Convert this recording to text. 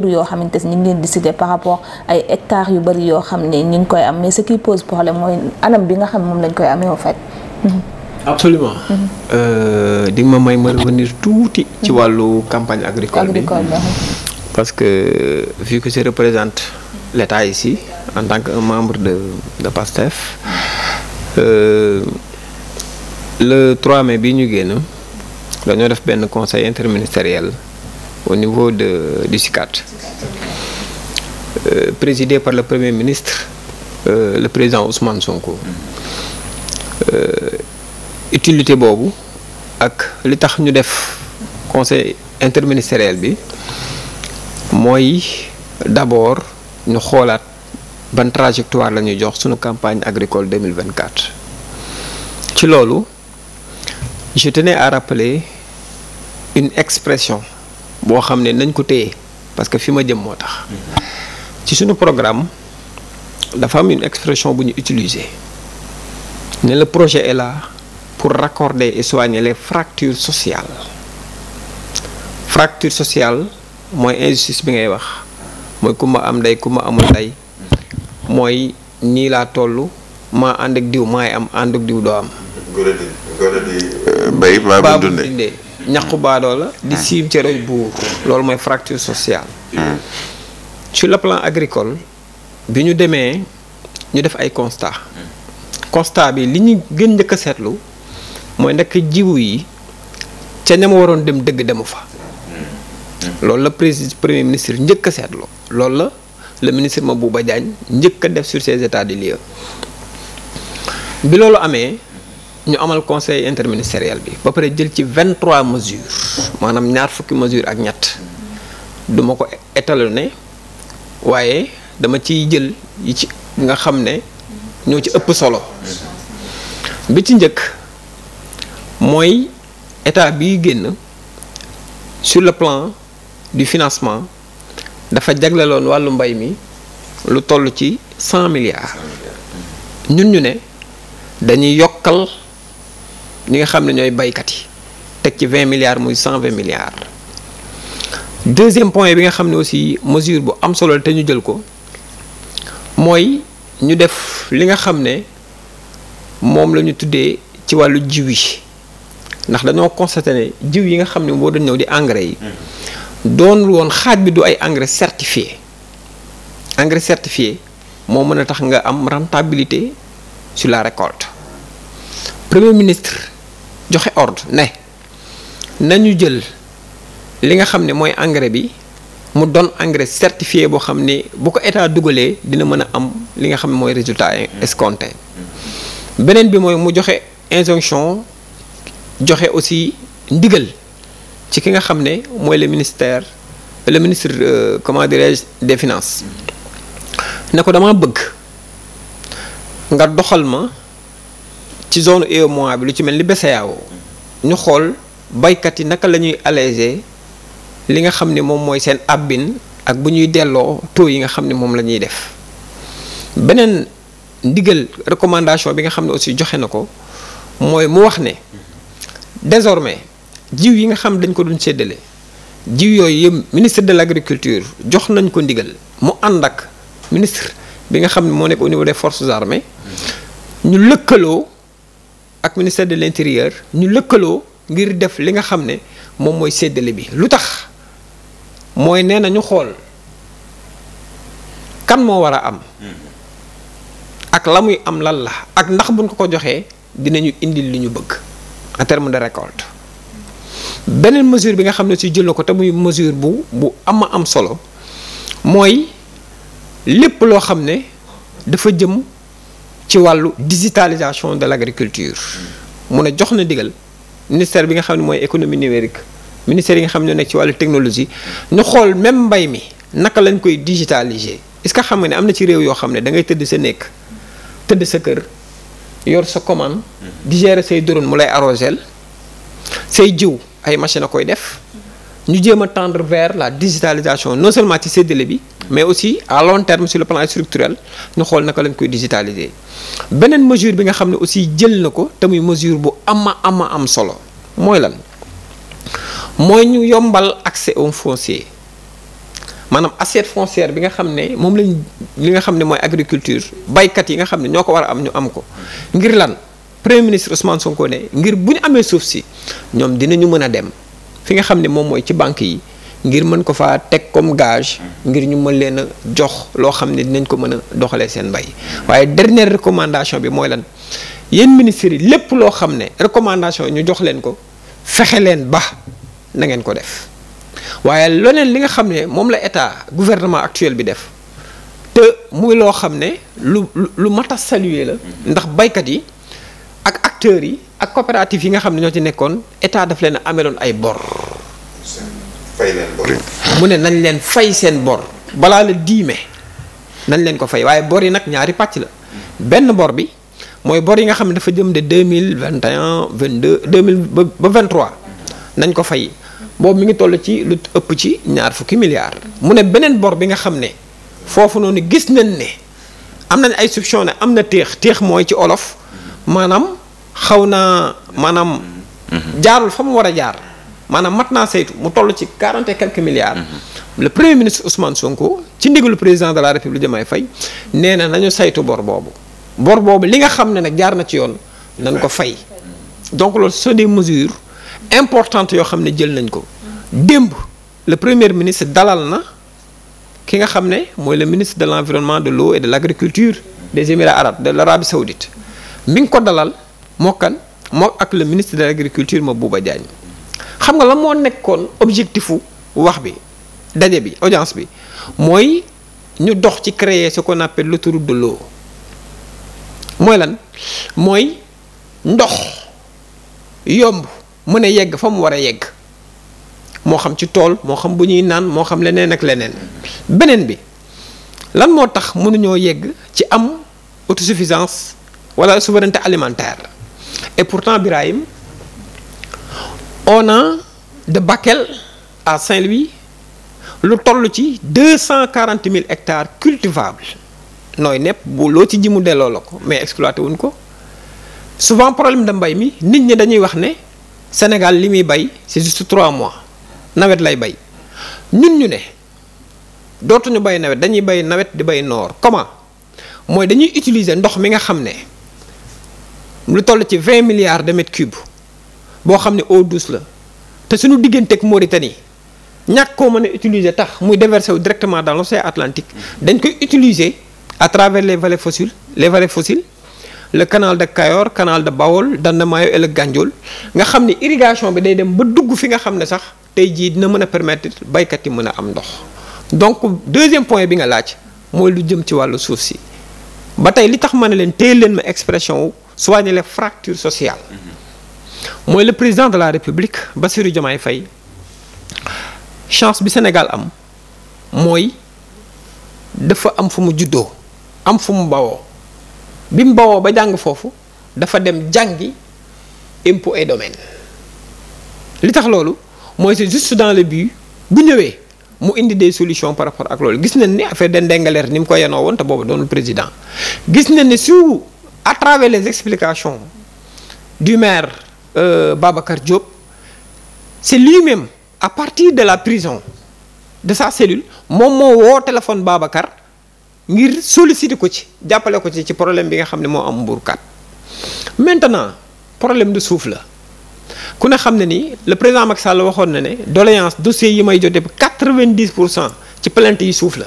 tur yoo xamante ni ñu ngi leen di cité par rapport ay hectares yu bëri yoo xam ne ñu ngi koy am mais ce qui pose problème mooy anam bi nga xam ne moom lañ koy amee au fait. absolument mhm. euh, di nga ma tuuti. ci mhm. wàllu campagne agricole bi parce que vu que je représente l'État ici en tant que un membre de de PASTEF euh, le 3 mais bi ñu génn dañoo def benn conseil interministériel. au niveau de, du CICAT, euh, présidé par le Premier ministre, euh, le président Ousmane Sonko. Euh, utilité boobu ak li tax ñu def conseil interministériel bi mooy d'abord ñu xoolaat ban trajectoire la ñuy jox suñu campagne agricole 2024 ci loolu je à rappeler une expression boo xam ne nañ ko téye parce que fi ma jëm moo tax ci suñu programme dafa am une expression bu ñu utiliser ne le projet est là pour raccorder et soigner les fractures sociales fracture sociale mooy injustice bi ngay wax mooy ku ma am ndey ku ma amul ndey mooy nii laa toll maa ànd ak diw maay am ànd ak diw doo am. góor a di euh, dundee ñaqu baadoo la di ah. siim ci roy buur loolu mooy fracture sociale ah. su le plan agricole bi ñu demee ñu def ay constat constat bi li ñuy gën njëkk a seetlu mooy nekk jiwu yi ca ña ma waroon dem dëgg demu fa loolu la président premier ministre njëkk a seetlu loolu la le ministre Mabouba Diagne njëkk a def sur ces états des lieux bi loolu amee ñu amal conseil interministériel bi ba pare jël ci vingt trois mesures maanaam ñaar fukki mesures ak ñett duma ko ne waaye dama ciy jël yi ci nga xam ne ñoo ci ëpp solo bi ci njëkk mooy état bi génn sur le plan du financement dafa jagleloon wàllu mbay mi lu toll ci cent milliards ñun ñu ne dañuy yokkal. ñi nga xam ne ñooy baykat yi teg ci 20 milliards muy 120 milliards. deuxième point bi nga xam ne aussi mesure bu am solo te ñu jël ko mooy ñu def li nga xam ne moom la ñu tuddee ci wàllu jiw yi ndax dañoo constaté jiw yi nga xam ne moo doon ñëw di engrais yi. doonul woon xaaj bi du ay engrais certifié engrais certifié moo mën a tax nga am rentabilité sur la récolte premier ministre. joxe ordre ne nañu jël li nga xam ne mooy engrais bi mu doon engrais certifié boo xam ne bu ko état dugalee dina mën a am li nga xam ne mooy résultat escompté beneen bi mooy mu joxe injonction joxe aussi ndigal ci ki nga xam ne mooy le ministère le ministre euh, comment dirais-je des ne ko dama bëgg nga doxal ma. ci zone e mois bi lu ci mel ni BCEAO ñu xool baykat yi naka la ñuy alléger li nga xam ni moom mooy seen abbin ak bu ñuy delloo taux yi nga xam ne moom la ñuy def beneen ndigal recommandation bi nga xam ne aussi joxe na ko mooy mu wax ne désormais jiw yi nga xam dañ ko doon séddale jiw yooyu yëpp ministre de l' agriculture jox nañ ko ndigal mu ànd ak ministre bi nga xam ne moo nekk au niveau des forces armées ñu lëkkaloo. ak ministère de l'intérieur ñu lëkkaloo ngir def li nga xam ne moom mooy séddale bi lu tax mooy nee na ñu xool kan moo war a am ak la muy am lan la ak ndax buñ ko ko joxee dinañu indil li ñu bëgg en terme de récolte beneen mesure bi nga xam ne si jël na ko te muy mesure bu bu ama am solo mooy lépp loo xam ne dafa jëm ci wàllu digitalisation de l' agriculture mu ne jox na digal ministère bi nga xam ne mooy économie numérique ministère yi nga xam ne nekk ci wàllu technologie ñu xool même mbay mi naka lañ koy digitaliser est ce que xam nga ne am na ci réew yoo xam ne da tëdd sa nekk tëdd sa kër yor sa commande di gérer say drone mu lay arrosel say jiw ay machine a koy def ñu jéem a tendre vers la digitalisation non seulement ci séddale bi mais aussi à long terme sur le plan structurel ñu xool naka lañ koy digitaliser beneen mesure bi nga xam ne aussi jël na ko te muy mesure bu ama ama am solo mooy lan mooy ñu yombal accès au foncier maanaam assiette foncière bi nga xam ne moom lañ li nga xam ne mooy agriculture baykat yi nga xam ne ñoo ko war a am ñu am ko ngir lan premier ministre Ousmane Sonko ngir bu ñu amee suuf si ñoom dinañu mën a dem. fi nga xam ne moom mooy ci banque yi ngir mën ko faa teg comme gage ngir ñu mën leen a jox loo xam ne dinañ ko mën a doxalee seen mbay waaye dernière recommandation bi mooy lan yéen ministres yi lépp loo xam ne recommandation ñu jox leen ko fexe leen ba na ngeen ko def waaye leneen li nga xam ne moom la état gouvernement actuel bi def te muy loo xam ne lu lu mat a saluer la ndax baykat yi ak acteurs yi ak coopérative yi nga xam ne ñoo ci nekkoon état daf leen ameloon ay bor. fay mu ne nañ leen fay seen bor balaa la diime nañ leen ko fay waaye bor yi nag ñaari pàcc la benn bor bi mooy bor yi nga xam ne dafa jëm de deux mille vingt et un vingt deux mille ba ba vingt trois nañ ko fay boobu mi ngi toll ci lu ëpp ci ñaar fukki milliards. mu ne beneen bor bi nga xam ne foofu noonu gis nañ ne am nañ ay soupçon ne am na téex téex mooy ci olof maanaam. xaw naa maanaam. Mm-hmm. jaarul fa mu war a jaar. maanaam mat naa saytu mu toll ci quarante et quelques milliards. Mm-hmm. le premier ministre Ousmane Sonko ci ndigalu président de la république Diomaye Faye nee na nañu saytu bor boobu. bor boobu li nga xam ne nag jaar na ci yoon. nañ ko fay. donc loolu ce sont des mesures importantes yoo xam ne jël nañ ko. démb le premier ministre dalal na ki nga xam ne mooy le ministre de l' environnement de l'eau et de l' agriculture des émirats arabes de l' arabie mi ngi ko dalal. moo kan moo ak le ministre de l' agriculture Mabouba Diagne xam nga la moo nekkoon objectif wax bi daje bi audience bi mooy ñu dox ci créer ce ko appelle l'autoroute de l'eau mooy lan mooy ndox yomb mën a yegg fa mu war a yegg moo xam ci tool moo xam bu ñuy naan moo xam leneen ak leneen beneen bi lan moo tax mënuñoo yegg ci am autosuffisance wala souveraineté alimentaire Et pourtant, Birahim, on a de Bakel à Saint-Louis lu toll ci deux cent quarante mille hectares cultivables nooy nepp bu loo ci ji mu delloo la ko mais exploité wuñ ko souvent problème de mbay mi nit ñi dañuy wax ne Sénégal li muy bay c'est juste trois mois nawet lay bay ñun ñu ne dootuñu bay nawet dañuy bay nawet di bay noor comment mooy dañuy utiliser ndox mi nga xam ne. lu toll ci vingt milliards de mètres cubes boo xam ne eau douce la te suñu digganteeg Mauritanie ñàkk koo mën a utiliser tax muy déverser wu directement dans l'océan Atlantique dañ koy utiliser à travers les vallées fossiles les vallées fossiles le canal de Kayor canal de Bawol Dandamayo et le Gandiol nga xam ne irrigation bi day dem ba dugg fi nga xam ne sax tey jii dina mën a permettre baykat yi mën a am ndox donc deuxième point bi nga laaj mooy lu jëm ci wàllu suuf si ba tey li tax ma ne leen téye leen expression soigner les fractures sociales mooy le président de la république Bassirou Diomaye fay chance bi Sénégal am mooy dafa am fu mu juddoo am fu mu bawoo bi mu bawoo ba jàng foofu dafa dem jàngi impôt et domaine li tax loolu mooy c'est juste dans le but bu ñëwee mu indi des solutions par rapport ak loolu gis nañ ni affaire de Ndingler ni mu ko yenoo woon boobu doonul président gis nañ ne su à travers les explications du maire euh, Babacar Diop c'est lui-même à partir de la prison de sa cellule moom moo woo téléphone Babacar ngir solliciter ko ci jàppale ko ci ci problème bi nga xam ne moo am mbuurkat maintenant problème de suuf la ku ne xam ne ni le président Macky Sall waxoon na ne doléance dossier yi may jotee quatre-vingt-dix pour cent ci plainte yi suuf la.